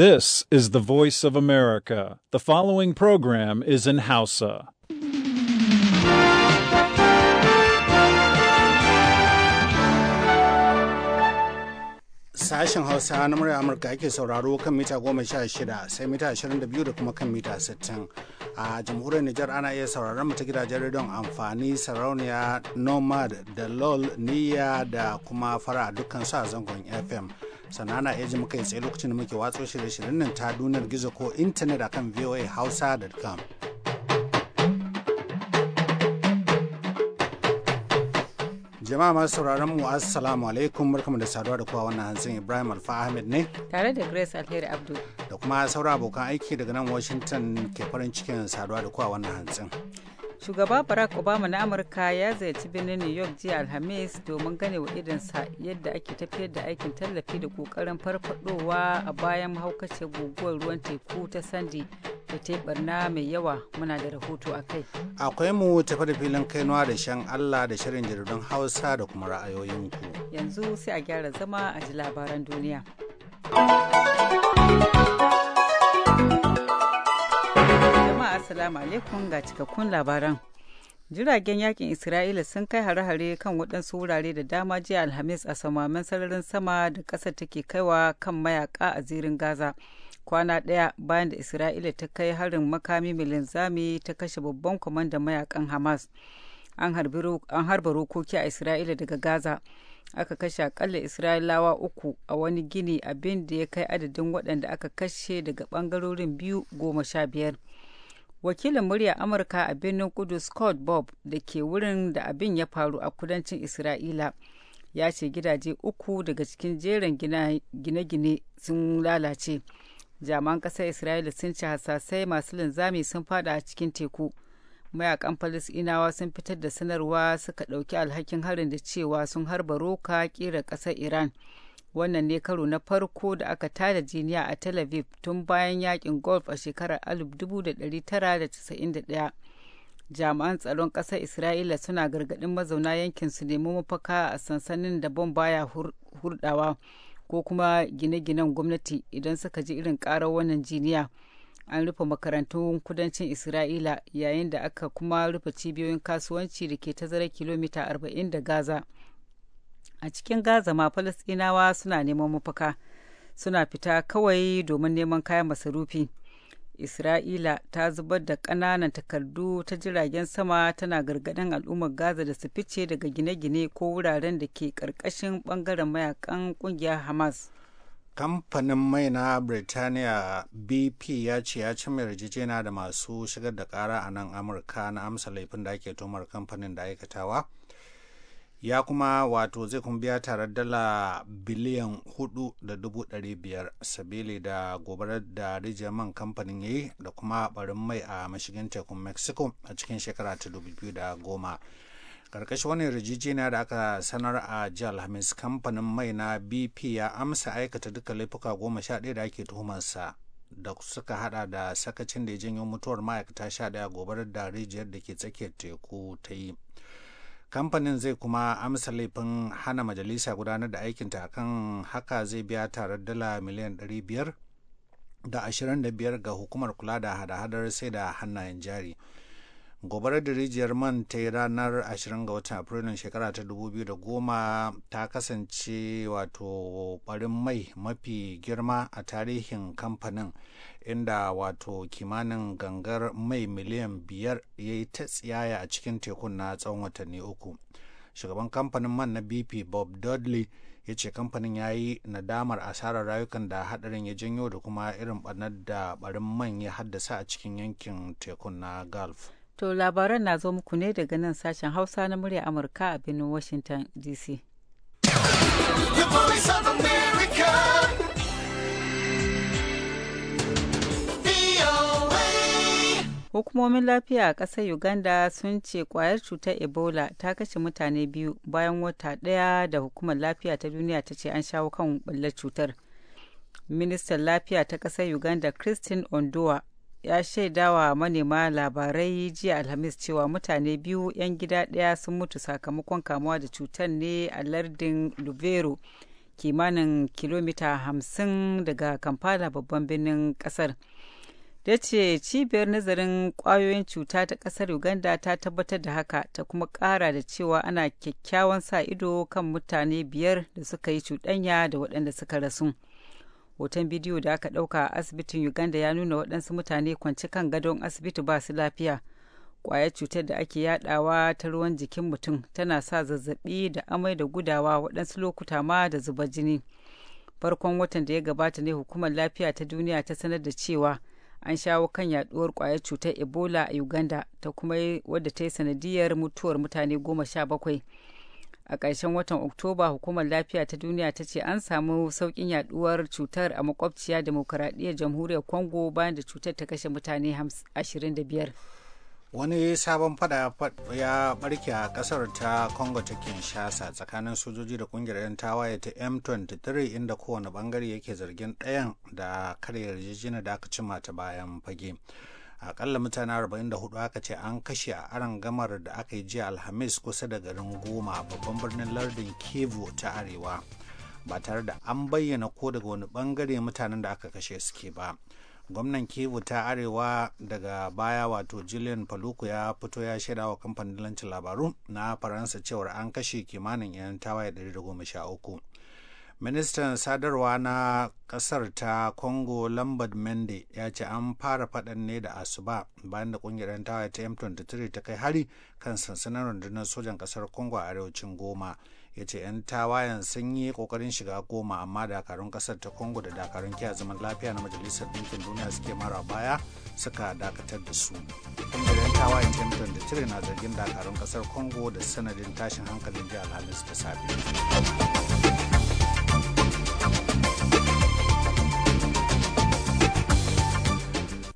This is the voice of America. The following program is in Hausa. Sashen Hausa na murya Amurka ake sauraro kan mita goma sha shida sai mita ashirin da biyu da kuma kan mita sittin. A jamhuriyar Nijar ana iya sauraron mu ta gidajen rediyon amfani sarauniya Nomad da LOL Niyya da kuma fara dukkan su zangon FM. sannan ana iya muka yi tsaye lokacin da muke watso shirye-shiryen nan ta dunar gizo ko intanet akan voahausa.com jama'a masu sauraron mu assalamu alaikum barkamu da saduwa da kowa wannan hansun ibrahim alfa ahmed ne tare da grace alheri abdul da kuma sauran abokan aiki daga nan washington ke farin cikin saduwa da kowa wannan hansun shugaba barack obama na amurka ya ziyarci birnin new york jiya alhamis domin gane wa idansa yadda ake tafiyar da aikin tallafi da kokarin farfadowa a bayan haukace guguwar ruwan teku ta sandy da ta barna mai yawa muna da rahoto a kai akwai mu tafi da filin kainuwa da shan allah da shirin jaridun hausa da kuma ra'ayoyinku yanzu sai a gyara zama a ji labaran duniya Assalamu alaikum ga cikakkun labaran. Jiragen yakin Isra'ila sun kai hare-hare kan waɗansu wurare da dama jiya Alhamis a samamin sararin sama da ƙasar take kaiwa kan mayaka a zirin Gaza. Kwana ɗaya bayan da Isra'ila ta kai harin makami mai linzami ta kashe babban kwamandan mayakan Hamas. An harba rokoki a Isra'ila daga Gaza. aka kashe akalla isra'ilawa uku a wani gini abin da ya kai adadin waɗanda aka kashe daga ɓangarorin biyu goma sha biyar wakilin murya amurka a birnin kudu scott bob da ke wurin da abin ya faru a kudancin isra'ila ya ce gidaje uku daga cikin jerin gine-gine sun lalace jaman ƙasar isra'ila sun ci hasasai masu linzami sun fada a cikin teku mayakan falasinawa sun fitar da sanarwa suka ɗauki alhakin harin da cewa sun harba roka ƙira ƙasar iran wannan ne karo na farko da aka tada jiniya a tel aviv tun bayan yakin golf a shekarar 1991 jami'an tsaron ƙasar isra'ila suna gargaɗin mazauna yankin su nemi mafaka a sansanin da bom baya hurdawa ko kuma gine-ginen gwamnati idan suka ji irin karar wannan jiniya an rufe makarantun kudancin isra'ila yayin da aka kuma rufe cibiyoyin kasuwanci da ke tazara kilomita 40 da gaza a cikin gaza ma falasɗinawa suna neman mafaka suna fita kawai domin neman kayan masarufi isra'ila ta zubar da ƙananan takardu ta jiragen sama tana gargaɗin al'ummar gaza da su fice daga gine-gine ko wuraren da ke ƙarƙashin ɓangaren mayakan ƙungiyar hamas kamfanin mai na Birtaniya BP ya ce ya ci mai yarjejena da masu shigar da ƙara a nan Amurka na amsa laifin da ake tumar kamfanin da aikatawa ya kuma wato zai kuma biya tare dala biliyan hudu da dubu dari biyar sabili da gobarar da rijiyar man kamfanin ya yi da kuma barin mai a mashigin tekun mexico a cikin shekara ta dubu biyu da goma karkashin wani yarjejeniya da aka sanar a jihar alhamis kamfanin mai na bp ya amsa aikata duka laifuka goma sha ɗaya da ake tuhumarsa da suka hada da sakacin da ya janyo mutuwar ma'aikata sha ɗaya gobarar da rijiyar da ke tsakiyar teku ta yi kamfanin zai kuma amsa laifin hana majalisa gudanar da aikinta akan haka zai biya tare dala miliyan 500 da 25 ga hukumar kula da hada-hadar sai da hannayen jari gobarar da rijiyar man ta yi ranar 20 ga watan afrilun shekara ta 2010 ta kasance wato barin mai mafi girma a tarihin kamfanin inda wato kimanin gangar mai miliyan biyar ya yi ta tsiyaya a cikin tekun na tsawon watanni uku shugaban kamfanin man na bp bob dudley ya ce kamfanin ya yi nadamar asarar rayukan da hadarin ya janyo da kuma irin barnar da barin man ya haddasa a cikin yankin tekun na gulf To labaran na zo muku ne daga nan sashen Hausa na murya Amurka a birnin Washington DC. Hukumomin lafiya a ƙasar Uganda sun ce kwayar cutar Ebola ta kashe mutane biyu bayan wata ɗaya da hukumar lafiya ta duniya ta ce an shawo kan ɓullar cutar. Ministan lafiya ta ƙasar Uganda Christine Ondoa ya shaida wa manema labarai jiya alhamis cewa mutane biyu 'yan gida ɗaya sun mutu sakamakon kamuwa da cutar ne a lardin lubero kimanin kilomita hamsin daga kampala babban birnin ƙasar. da ce cibiyar nazarin ƙwayoyin cuta ta ƙasar uganda ta tabbatar da haka ta kuma ƙara da cewa ana kyakkyawan sa ido kan mutane biyar da suka yi cuɗanya da waɗanda suka rasu. hoton bidiyo da aka ɗauka a asibitin uganda ya nuna waɗansu mutane kwanci kan gadon asibiti ba su lafiya kwayar cutar da ake yadawa ta ruwan jikin mutum tana sa zazzabi da amai da gudawa waɗansu lokuta ma da zuba jini farkon watan da ya gabata ne hukumar lafiya ta duniya ta sanar da cewa an shawo kan yaduwar kwayar cutar ebola a uganda ta kuma wadda ta yi sanadiyar mutuwar mutane goma sha bakwai a ƙarshen watan oktoba hukumar lafiya ta duniya ta ce an samu sauƙin yaduwar cutar a makwabciya demokuraɗiyyar jamhuriyar congo bayan da cutar ta kashe mutane 25 wani sabon fada ya barke a kasar ta congo ta kinshasa tsakanin sojoji da kungiyar 'yan tawaye ta m23 inda kowane bangare yake zargin ɗayan da karyar yarjejina da aka cima ta bayan fage akalla mutane 44 aka ce an kashe a aran gamar da aka yi jiya alhamis kusa da garin goma babban birnin lardin kevo ta arewa ba tare da an bayyana ko daga wani bangare mutanen da aka kashe suke ba gwamnan kevo ta arewa daga baya wato julian paluku ya fito ya shaida wa kamfanin lancin labaru na faransa cewar an kashe kimanin 'yan tawaye 113 ministan sadarwa na kasar ta congo lambert mende ya ce an fara faɗan ne da asuba bayan da ƙungiyar 'yan tawaye ta m23 ta kai hari kan sansanin rundunar sojan kasar congo a arewacin goma ya ce 'yan tawayen sun yi kokarin shiga goma amma dakarun kasar ta congo da dakarun kiyaye zaman lafiya na majalisar ɗinkin duniya suke mara baya suka dakatar da su ƙungiyar tawayen ta m23 na zargin dakarun kasar congo da sanadin tashin hankalin jihar alhamis ta safe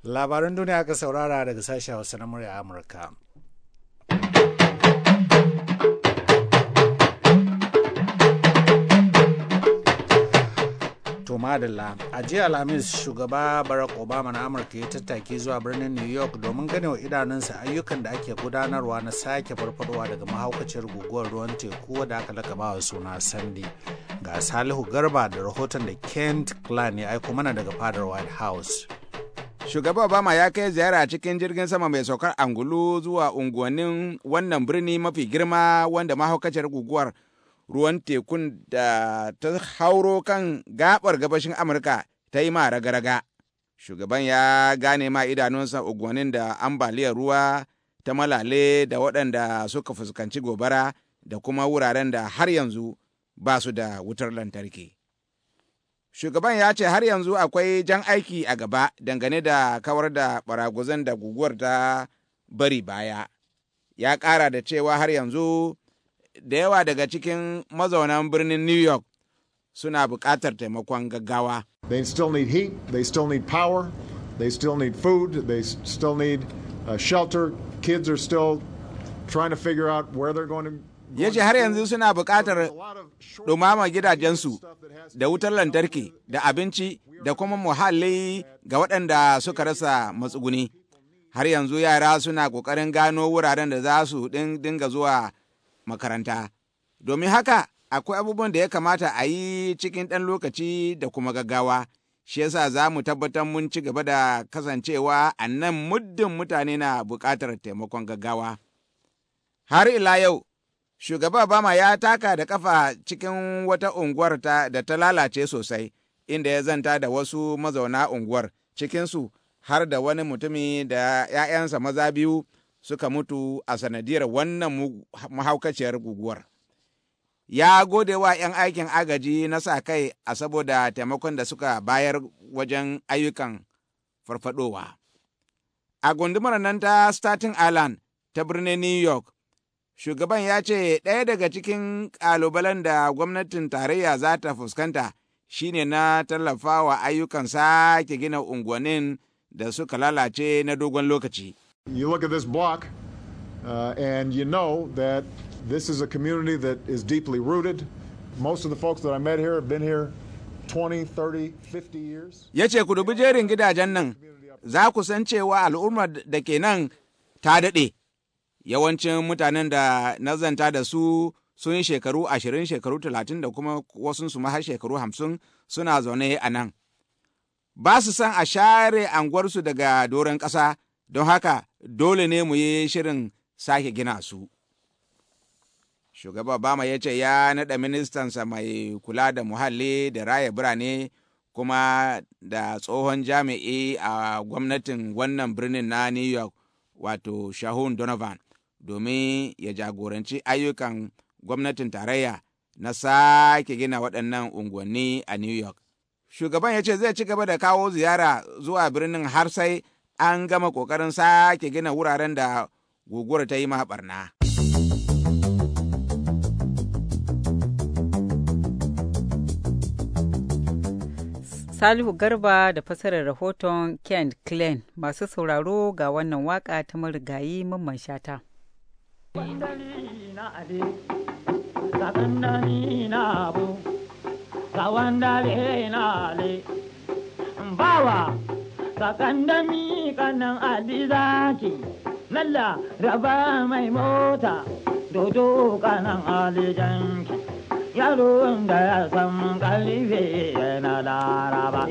labaran duniya aka saurara daga sashen hausa na murya amurka to a jiya alhamis shugaba barack obama na amurka ya tattaki zuwa birnin new york domin gane wa idanunsa ayyukan da ake gudanarwa na sake farfadowa daga mahaukaciyar guguwar ruwan teku da aka lakaba wa suna sandy ga salihu garba da rahoton da kent klan ya aiko mana daga fadar white house Shugaba Obama ya kai ziyara cikin jirgin sama mai saukar angulu zuwa unguwannin wannan birni mafi girma wanda mahaukaciyar guguwar ruwan tekun da ta hauro kan gabar gabashin Amurka ta yi ma raga-raga. Shugaban ya gane ma idanunsa unguwannin da ambaliyar ruwa ta malale da waɗanda suka fuskanci gobara da kuma wuraren da har yanzu ba su da wutar lantarki. shugaban ya ce har yanzu akwai jan aiki a gaba dangane da kawar da baraguzan da guguwar ta bari baya ya ƙara da cewa har yanzu da yawa daga cikin mazaunan birnin new york suna buƙatar taimakon gaggawa they still need heat they still need power they still need food they still need uh, shelter kids are still trying to figure out where they're going to ya ce har yanzu suna buƙatar ɗumama gidajensu da wutar lantarki da abinci da kuma muhalli ga waɗanda suka rasa matsuguni har yanzu yara suna ƙoƙarin gano wuraren da za su dinga zuwa makaranta domin haka akwai abubuwan da ya kamata a yi cikin ɗan lokaci da kuma gaggawa shi yasa za mu tabbatar mun ci gaba da kasancewa a nan muddin mutane na buƙatar taimakon gaggawa har ila yau Shugaba Obama ya taka da kafa cikin wata unguwar ta da ta lalace sosai, inda ya zanta da wasu mazauna unguwar cikinsu har da wani mutumi da ‘ya'yansa maza biyu suka mutu a sanadiyar wannan mahaukaciyar guguwar. Ya gode wa ‘yan aikin agaji na sa kai a saboda taimakon da suka bayar wajen ayyukan farfadowa. A gundumar nan ta Staten Island ta birnin New York, shugaban ya ce ɗaya daga cikin ƙalubalen da gwamnatin tarayya za ta fuskanta shine na tallafawa ayyukan sake gina unguwannin da suka lalace na dogon lokaci. You look at this block uh, and you know that this is a community that is deeply rooted. Most of the folks that I met here have been here 20, 30, 50 years. Ya ce ku dubi jerin gidajen nan, za ku san cewa al'ummar da ke nan ta daɗe. yawancin mutanen da nazanta da su sun shekaru ashirin shekaru talatin da kuma wasunsu ma har shekaru hamsin suna zaune a nan ba su san a share anguwarsu daga doron ƙasa don haka dole ne mu yi shirin sake gina su shugaba obama ya ce ya naɗa ministansa mai kula da muhalli da raya birane kuma da tsohon jami'i a gwamnatin wannan birnin na new york wato shahun donovan domin ya jagoranci ayyukan gwamnatin tarayya na sake gina waɗannan unguwanni a New York. Shugaban ya ce zai ci gaba da kawo ziyara zuwa birnin har sai an gama ƙoƙarin sake gina wuraren da guguwar ta yi maɓarna. Salihu Garba da fasarar rahoton Ken Klein masu sauraro ga wannan waka ta marigayi mamman shata. Wandali na ade, sakandani na abu, sawandale na ale, bawa, sakandami kanan alizaki, lalla raba mai mota, dodo kanan alijanki. yaron da ya san kalife na laraba.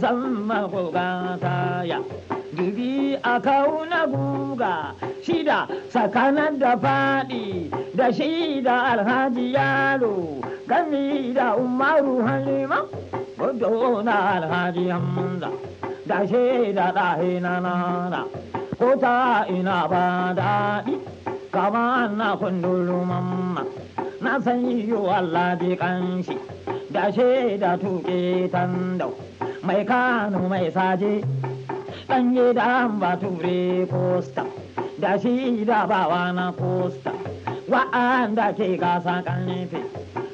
zama gogan saya gibi a kauna guga shida tsakanin da faɗi da shida alhaji yalo gami da umaru halima gudu na alhaji hamza da shida ɗahe na nana ko ta ina ba daɗi kama na kundulu mamma na san yi Allah bi kanshi da shida tuƙe tandau mai kano mai saje yi da bature posta da shi da bawa na kosta wa'anda ke gasa kanfe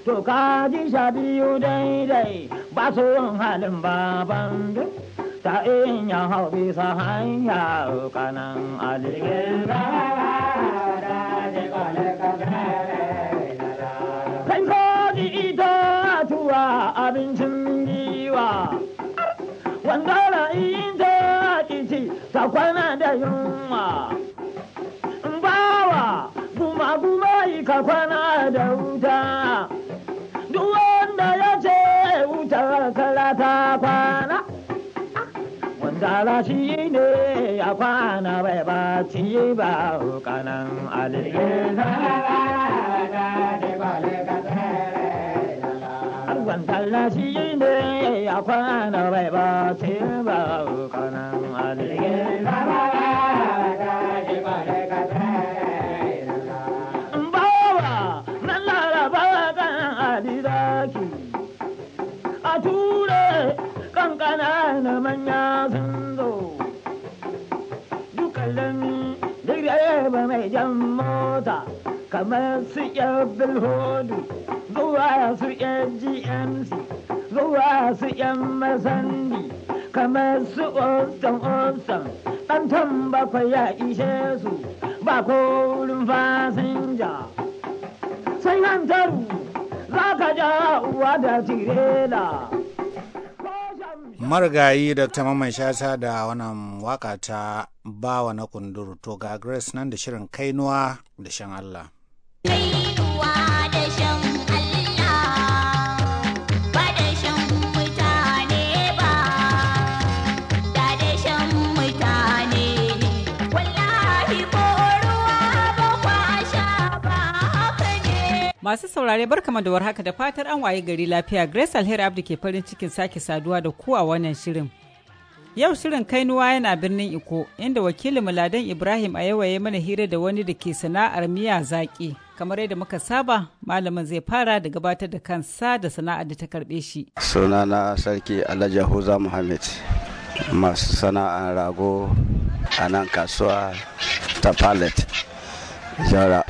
to ka ji sha biyu daidai ba su halin baban duk ta iya hau bisa hanya kanan alikin Kai ko ji ita tuwa abinci ta da yunwa bawa guma guma yi ka da wuta duk wanda ya ce wuta kala ta kwana Dala shi ne ya kwana bai ba ci ba kanan alƙi. Dala shi ne ya kwana bai ba ci ba kanan ali bawa na laraba kan aliraki a ture kankana na manya sun zo dukkanin direba mai jan mota kamar su yabil hudu zuwa su yan gmc zuwa su yan masan. kamar su onsan onsan ɗan ba bakwai ya ishe su ba wurin fasinja sai hantar za ka ja uwa da tirela marigayi ta maman shata da wannan waka ta bawa na kunduru to ga grace nan da shirin kainuwa da shan allah Masu saurare barkama da haka da fatar an waye gari lafiya Grace Alheri Abdu ke farin cikin sake saduwa da ku a wannan shirin. Yau shirin kainuwa yana birnin Iko inda wakilin Ladan Ibrahim a yawaye mana hira da wani da ke sana'ar miya zaƙi. Kamar yadda muka saba, malamin zai fara da gabatar da kansa da sana'ar da ta karɓe shi. Sunana Sarki Alhaji Huza Muhammad masu sana'ar rago a nan kasuwa ta Palet. a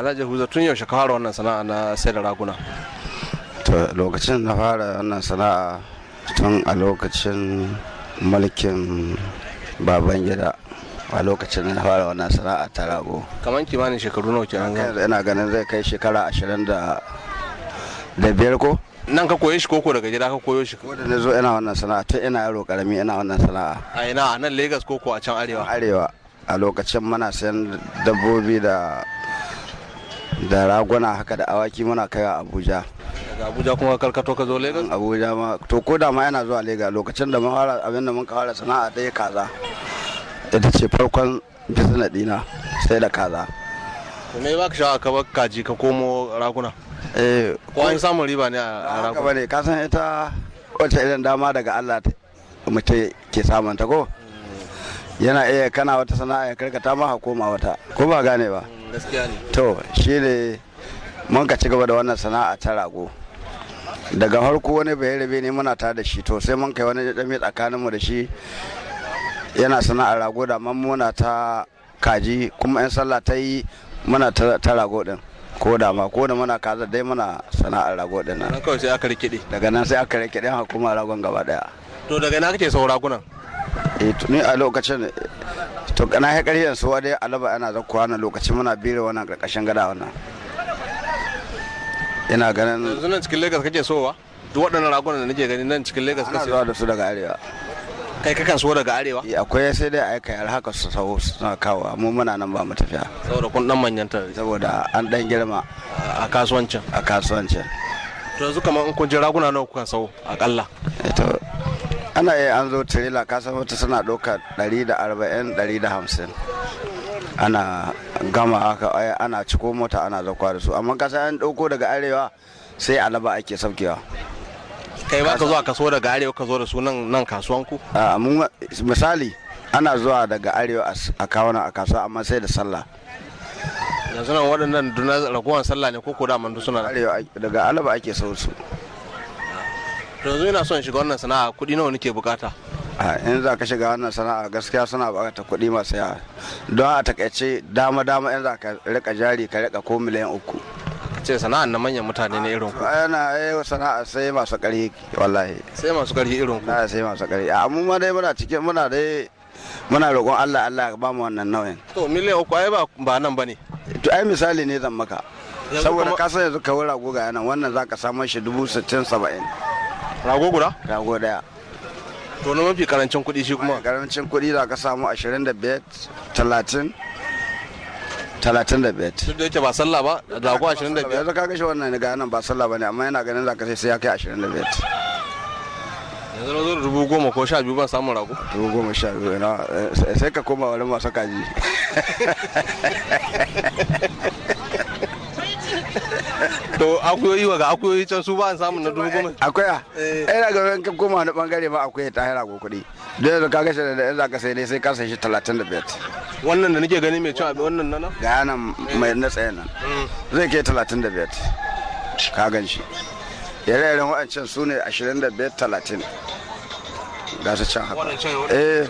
Alhaji Huza tun yaushe ka fara wannan sana'a na sai da raguna? To lokacin na fara wannan sana'a tun a lokacin mulkin baban gida a lokacin na fara wannan sana'a ta rago. Kamar kimanin shekaru nawa kenan ga? Ina ganin zai kai shekara ashirin da biyar ko? Nan ka koye shi koko daga gida ka koyo shi? Ko da na zo ina wannan sana'a tun ina yaro karami ina wannan sana'a. A ina a nan Legas koko a can arewa? Arewa. a lokacin muna sayan dabbobi da da raguna haka da awaki muna kai a abuja daga abuja kuma karkato ka zo lagos abuja ma to ko da ma yana zuwa lagos lokacin da mawara abin da mun kawara sana'a yi kaza ita ce farkon bisna dina sai da kaza to me baka sha'a ka bar kaji ka komo raguna eh ko an samu riba ne a raguna ka bane ka san ita wacce irin dama daga Allah mutum ke samun ta ko yana iya kana wata sana'a ya karkata ma koma wata ko ba gane ba gaskiya ne to shi ne mun ka ci gaba da wannan sana'a ta rago daga harko wani bai rabe ne muna tare da shi to sai mun kai wani dami tsakanin mu da shi yana sana'ar rago da muna ta kaji kuma yan sallah ta yi muna ta rago din ko da ma ko da muna kaza dai muna sana'ar rago din nan kawai sai aka rikide daga nan sai aka rikide ha kuma ragon gaba daya to daga ina kake sau ragunan eh tuni a lokacin to kana ya ƙarfi yanzu wa dai alaba ana zakkuwa na lokacin muna bire wannan karkashin gada wannan ina ganin yanzu nan cikin Lagos kake sowa duk waɗannan ragunan da nake gani nan cikin Lagos kake sowa da su daga arewa kai kakan so daga arewa eh, akwai sai dai aika har haka su sau suna kawo mu muna nan ba mu tafiya saboda kun dan manyanta saboda an dan girma a kasuwancin a kasuwancin to yanzu kamar in kun je raguna nawa kuka sau akalla eh, ana yi an zo tirela kasan wata suna ɗauka 140-150 ana gama haka ana ciko mota ana zakwa da su amma kasan an ɗauko daga arewa sai alaba ake saukewa kai ba ka zuwa kaso daga arewa ka zo da su nan kasuwanku? misali ana zuwa daga arewa a kawana a kasuwa amma sai da sallah yanzu nan waɗannan raguwan sallah ne ko ko da mandu suna daga alaba ake sau su yanzu ina son shiga wannan sana'a kuɗi nawa nake bukata a in za ka shiga wannan sana'a gaskiya suna bukata kuɗi masu yawa don a takaice dama dama in za ka rika jari ka rika ko miliyan uku ce sana'a na manyan mutane ne irin ku ana yi eh, sana'a sai masu ƙarfi wallahi sai masu ƙarfi irin ku sai masu ƙarfi amma ma dai muna cikin muna dai muna roƙon Allah Allah ya ba mu wannan nauyin to miliyan uku ai ba ba nan bane to ai misali ne zan maka saboda ka san yanzu ka wura guga yana wannan zaka samu shi dubu sittin saba'in rago guda rago daya to na mafi karancin kuɗi shi kuma karancin kuɗi da ka samu 25 talatin da biyar. Duk da yake ba sallah ba, rago ashirin da biyar. Yanzu ka gashi wannan ga nan ba sallah ba ne, amma yana ganin za sai ya kai ashirin da biyar. yanzu na zo rubu goma ko sha biyu ban samun rago rubu goma sha biyu na eh, sai ka koma wani masu kaji to akuyoyi wa ga akuyoyi can su ba samun na dubu goma akwai a eh. ina ga wani koma wani bangare ma akwai ta hira ko kuɗi da yanzu ka gashi da yanzu ka sai dai sai ka sai shi talatin da biyar wannan da nake gani mai cin abin wannan nan ga nan mai na tsaye nan mm. zai kai talatin da biyar ka gan shi yare-yaren waɗancan su ne ashirin da biyar talatin ga su can haka eh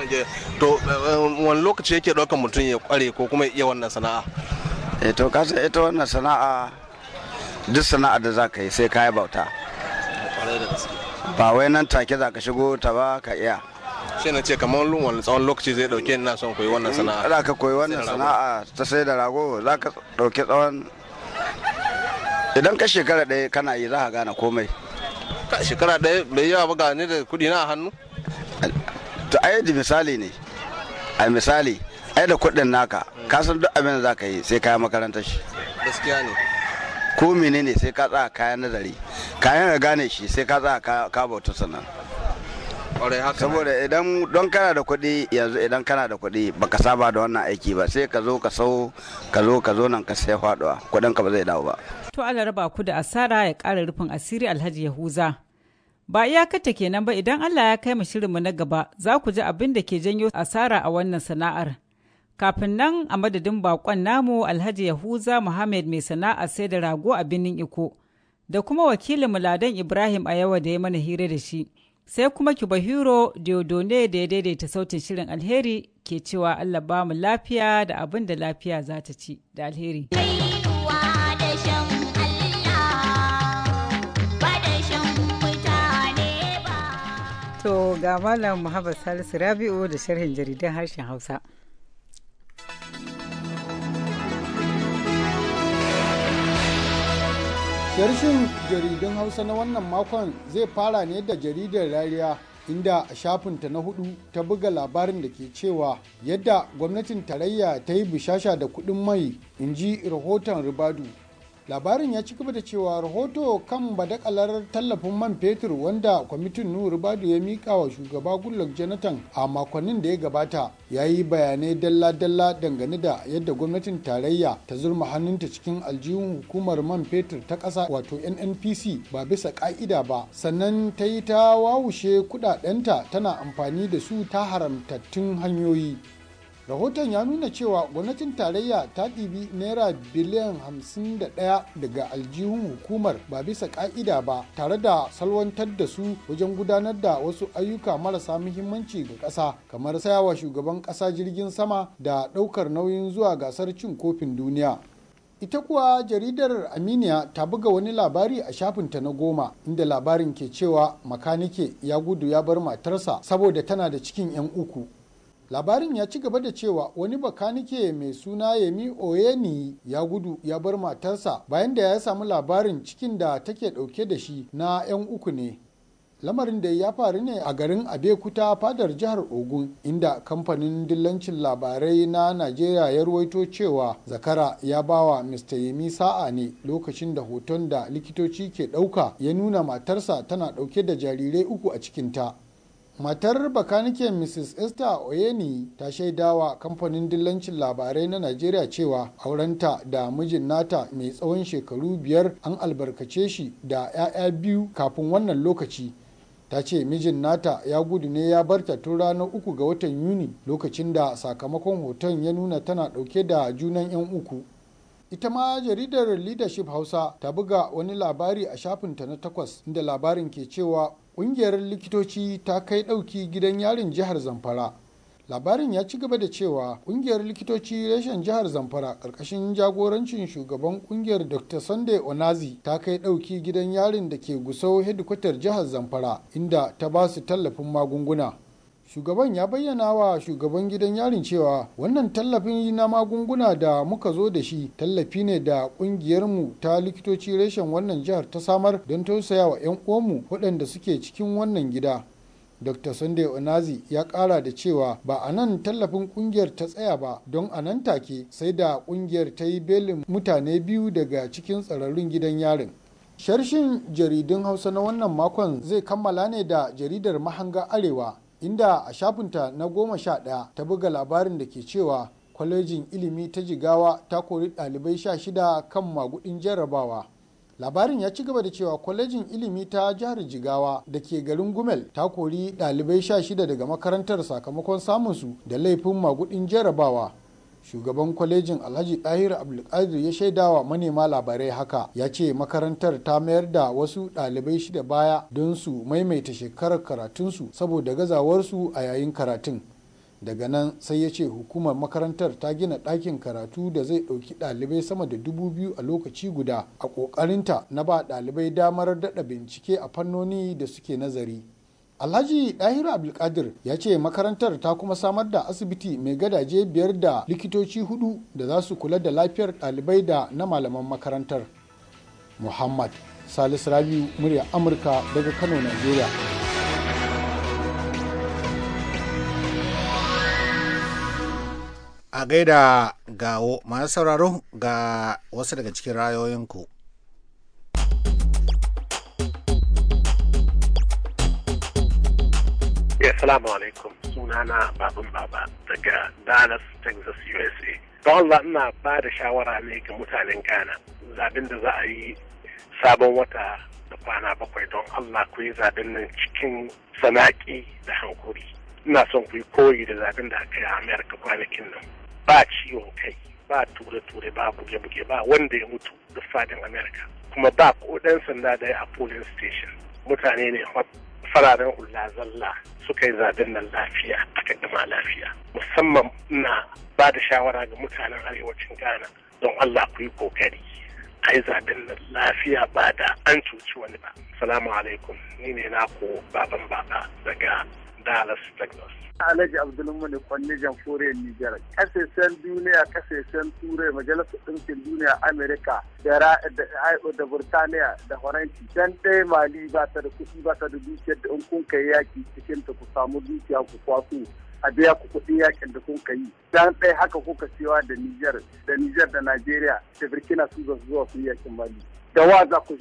to eh, wani lokaci yake ɗaukar mutum ya kware ko kuma iya wannan sana'a eh to ka ita wannan sana'a duk sana'ar da za ka yi sai ka yi bauta ba wai nan take za ka shigo ta ba ka iya shi na ce kamar wani tsawon lokaci zai dauke ina son koyi wannan sana'a za ka koyi wannan sana'a ta sai da rago za ka dauke tsawon idan ka shekara ɗaya kana yi za ka gane komai ka shekara ɗaya bai yawa ba ga ni da kuɗi na hannu to ai da misali ne a misali ai da kuɗin naka ka san duk abin da za ka yi sai ka yi makarantar shi gaskiya ne ko menene sai ka tsaya kayan nazari kayan ka gane shi sai ka tsaya ka bauta sannan saboda idan don kana da kuɗi yanzu idan kana da kuɗi baka saba da wannan aiki ba sai ka zo ka sau ka zo ka zo nan ka sai faduwa kuɗin ka ba zai dawo ba to Allah raba ku da asara ya ƙara rufin asiri Alhaji Yahuza ba iyakarta kenan ba idan Allah ya kai mu shirin mu na gaba za ku ji abin da ke janyo asara a wannan sana'ar Kafin nan a madadin bakon namu Alhaji Yahuza muhammed mai sana'a sai da rago a birnin Iko da kuma wakilin Muladan Ibrahim a yawa da ya mana hira da shi. Sai kuma ki Kibahiro Diodone da ya daidaita sautin shirin alheri ke cewa Allah ba mu lafiya da abin da lafiya za ta ci da alheri. To ga Malam Muhammad Salisu Rabi'u da sharhin jaridan harshen Hausa. Yarshin jaridun Hausa na wannan makon zai fara ne da jaridar rariya inda a shafinta na hudu ta buga labarin da ke cewa yadda gwamnatin tarayya ta yi bishasha da kudin mai in ji rahoton ribadu labarin ya ci gaba da cewa rahoto kan badakalar tallafin man fetur wanda kwamitin nuhu bado ya mika wa shugaba goodluck jonathan a makonnin da ya gabata ya yi bayanai dalla-dalla dangane da yadda gwamnatin tarayya ta zurma hannunta cikin aljihun hukumar man fetur ta ƙasa wato nnpc ba bisa ƙa'ida ba sannan ta yi ta wawushe kudadenta tana amfani da su ta haramtattun hanyoyi rahoton ya nuna cewa gwamnatin tarayya ta ɗibi naira biliyan 51 daga aljihun hukumar ba bisa ƙa'ida ba tare da salwantar da su wajen gudanar da wasu ayyuka marasa muhimmanci ga ƙasa kamar sayawa shugaban ƙasa jirgin sama da ɗaukar nauyin zuwa gasar cin kofin duniya ita kuwa jaridar aminiya ta buga wani labari a shafinta na goma inda labarin ke cewa makanike ya gudu ya bar matarsa saboda tana da cikin 'yan uku labarin ya ci gaba da cewa wani bakanike mai suna yemi oyeni ya gudu ya bar matarsa bayan da ya samu labarin cikin da take dauke da shi na 'yan uku ne lamarin da ya faru ne a garin abekuta fadar jihar ogun inda kamfanin dillancin labarai na najeriya ya ruwaito cewa zakara ya bawa mr yemi sa'a ne lokacin da hoton da likitoci ke ɗauka ya nuna matarsa tana ɗauke da jarirai uku a cikinta matar bakanike mrs esther oyeni ta shaidawa kamfanin dillancin labarai na najeriya cewa aurenta da mijin nata mai tsawon shekaru biyar an albarkace shi da 'ya'ya biyu kafin wannan lokaci ta ce mijin nata ya gudu ne ya barta tun ranar uku ga watan yuni lokacin da sakamakon hoton ya nuna tana dauke da junan 'yan uku ita ma jaridar leadership hausa ta buga wani labari a shafinta na takwas inda labarin ke cewa ƙungiyar likitoci ta kai ɗauki gidan yarin jihar zamfara labarin ya ci gaba da cewa ƙungiyar likitoci reshen jihar zamfara ƙarƙashin jagorancin shugaban ƙungiyar dr sunday onazi ta kai ɗauki gidan yarin da ke gusau hedikwatar jihar zamfara inda ta ba su tallafin magunguna shugaban ya bayyana wa shugaban gidan yarin cewa wannan tallafin na magunguna da muka zo da shi tallafi ne da kungiyarmu ta likitoci reshen wannan jihar ta samar don tausaya wa 'yan uwanmu waɗanda suke cikin wannan gida dr sunday onazi ya kara da cewa ba a nan tallafin kungiyar ta tsaya ba don a nan take sai da kungiyar ta yi belin mutane biyu daga cikin tsararrun gidan yarin sharshin jaridun hausa na wannan makon zai kammala ne da jaridar mahanga arewa inda a shafinta na goma sha ɗaya ta buga labarin da ke cewa kwalejin ilimi ta jigawa ta kori ɗalibai sha shida kan magudin jarrabawa labarin ya ci gaba da cewa kwalejin ilimi ta jihar jigawa da ke garin gumel ta kori ɗalibai sha shida daga makarantar sakamakon samunsu da laifin magudin jarrabawa shugaban kwalejin alhaji ɗahir abdulkadir ya shaidawa manema labarai haka ya ce makarantar ta mayar da wasu ɗalibai shida baya don su maimaita shekarar karatunsu saboda gazawarsu a yayin karatun daga nan sai ya ce hukumar makarantar ta gina ɗakin karatu da zai ɗauki ɗalibai sama da dubu biyu a lokaci guda a ƙoƙarinta na ba ɗalibai damar daɗa bincike a fannoni da suke nazari Alhaji Dahiru Abdulkadir ya ce makarantar ta kuma samar da asibiti mai gadaje biyar da likitoci hudu da za su kula da lafiyar ɗalibai da na malaman makarantar. Muhammad Salisu Rabiu murya Amurka daga Kano, nigeria. A gaida gawo masu sauraro ga wasu daga cikin rayoyinku. Ya alaikum sunana baban baba daga Dallas, Texas, USA. Don Allah ina ba da shawara ne ga mutanen Ghana. Zaben da za a yi sabon wata da kwana bakwai don Allah ku yi zaben nan cikin sanaki da hankuri. Ina son ku yi koyi da zaben da aka yi a Amerika kwanakin nan. Ba ciwon kai, ba ture-ture, ba buge-buge, ba wanda ya mutu da fadin Amerika. Kuma ba ko ɗan sanda da ya a polling station. Mutane ne hot fararen hula zalla suka yi zaɓen nan lafiya a gama lafiya musamman na ba da shawara ga mutanen arewacin ghana don allah ku yi kokari a yi zaben nan lafiya ba da an cuci wani ba salamu alaikum ni ne ko baban baba daga Dallas, Texas. Alhaji Abdulmuni Kwanne Jamhuriyar Nijar, kasashen duniya, kasashen Turai, Majalisar Ɗinkin Duniya, Amerika, da da Burtaniya, da Faransi. Dan ɗaya Mali ba ta da kuɗi ba ta da dukiyar da in kun kai yaƙi cikin ta ku samu dukiya ku kwaso. a biya ku kuɗin yaƙin da kun kai. dan ɗaya haka kuka cewa da Nijar da Nijar da Najeriya da Burkina su zuwa su yakin Mali. dawa za ku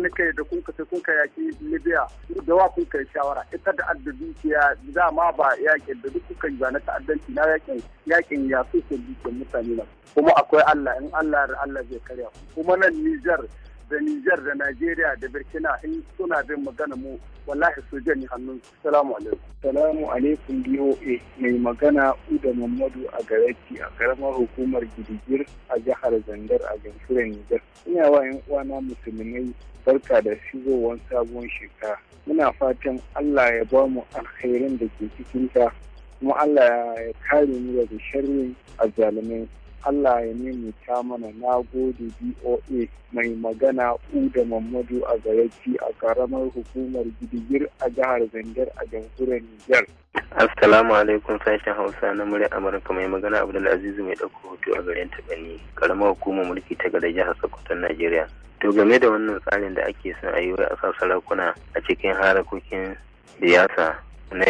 ni kai da kun sai kun yaki libya dawa kun shawara ita da addabi ya za ma ba yakin da duk kuka yi na ta'addanci na yakin yakin ya su ke mutane na kuma akwai allah in allah allah zai karya kuma nan nijar da Nijar da Najeriya da Burkina in suna bin magana mu wallahi su janye hannun salamu alaikum salamu alaikum BOA mai magana Uda Mamadu a Garaki a karamar hukumar Gidigir a jihar zangar a Jamhuriyar Nijar ina wa yan uwana musulmai barka da shigowar sabon shekara muna fatan Allah ya ba mu alkhairin da ke cikin ta kuma Allah ya kare mu daga sharrin azzalumai Allah ya ta mana na gode BOA mai magana Uda Mamadu a Zayaki a karamar hukumar Gidigir a jihar Zangar a jamhuriyar Nijar. Assalamu alaikum sashen Hausa na murya Amurka mai magana Abdulaziz mai ɗauko hoto a garin Tabani, karamar hukumar mulki ta gada jihar Sokoto Najeriya. To game da wannan tsarin da ake son a yi wa a sarakuna a cikin harakokin siyasa na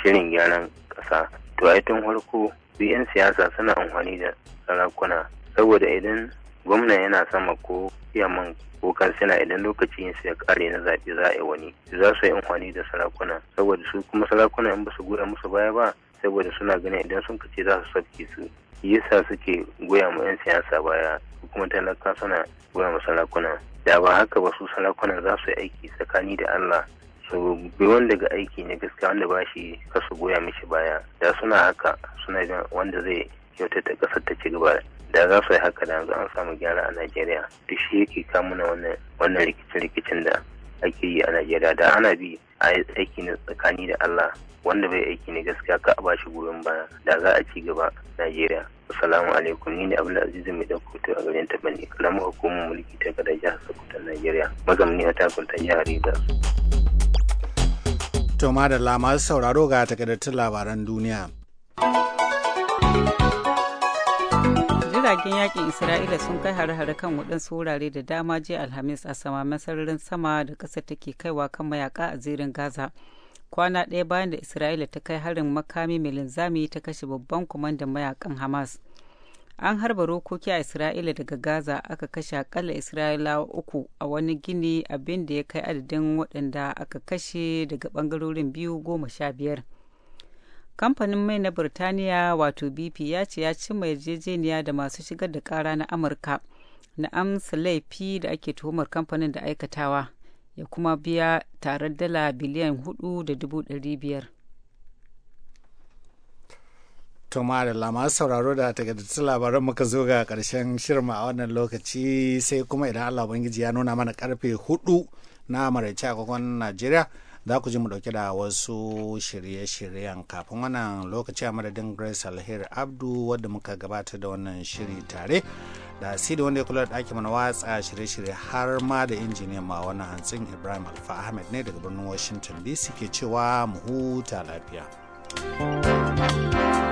shirin gyaran ƙasa. To yi tun farko su 'yan siyasa suna amfani da sarakuna saboda idan gwamna yana sama ko yaman ko kansila idan lokacin su ya kare na zaɓe za a yi wani za su yi amfani da sarakuna saboda su kuma sarakuna in ba su goya musu baya ba saboda suna ganin idan sun kace za su sauke su yasa suke goya ma 'yan siyasa baya kuma talaka suna goya ma sarakuna da ba haka ba su sarakuna za su yi aiki tsakani da allah su bi wanda ga aiki ne gaskiya wanda ba shi kasu goya mishi baya da suna haka suna bin wanda zai kyautata kasar ta ci gaba da za su yi haka da yanzu an samu gyara a najeriya duk shi yake kamuna wannan rikicin rikicin da ake yi a najeriya da ana bi a aiki na tsakani da allah wanda bai aiki ne gaskiya ka a bashi goyon baya da za a ci gaba najeriya assalamu alaikum ni ne abin azizin mai dauko to a garin tabani kalamu hukumar mulki ta gada jihar sokoto najeriya mazamni a takunta jihar rivers To madalla masu sauraro ga takardattun labaran duniya. Jiragen yakin Isra'ila sun kai hare-hare kan waɗansu wurare da dama jiya Alhamis a sama masarorin sama da ƙasar take kaiwa kan mayaka a zirin Gaza. Kwana ɗaya bayan da Isra'ila ta kai harin makami mai linzami ta kashe babban kwamandan mayakan Hamas. an harba rokoki a isra'ila daga gaza aka kashe akalla isra'ilawa uku a wani gini abin da ya kai adadin waɗanda aka kashe daga ɓangarorin biyu goma sha biyar kamfanin mai na birtaniya wato bp ya ce ya ci mai yarjejeniya da masu shigar da kara na amurka na amsa laifi da ake tuhumar kamfanin da aikatawa ya kuma biya tare dala biliyan hudu da dubu biyar To da masu sauraro da takardattun labaran muka zo ga karshen shirma a wannan lokaci sai kuma idan Allah bangiji ya nuna mana karfe hudu na maraice a agogon Najeriya za ku ji mu dauke da wasu shirye-shiryen kafin wannan lokaci a madadin Grace Alheri Abdu wadda muka gabata da wannan shiri tare da da wanda ya kula da ɗakin mana watsa shirye-shirye har ma da injiniyan ma wannan hantsin Ibrahim Alfa Ahmed ne daga birnin Washington DC ke cewa mu huta lafiya. thank you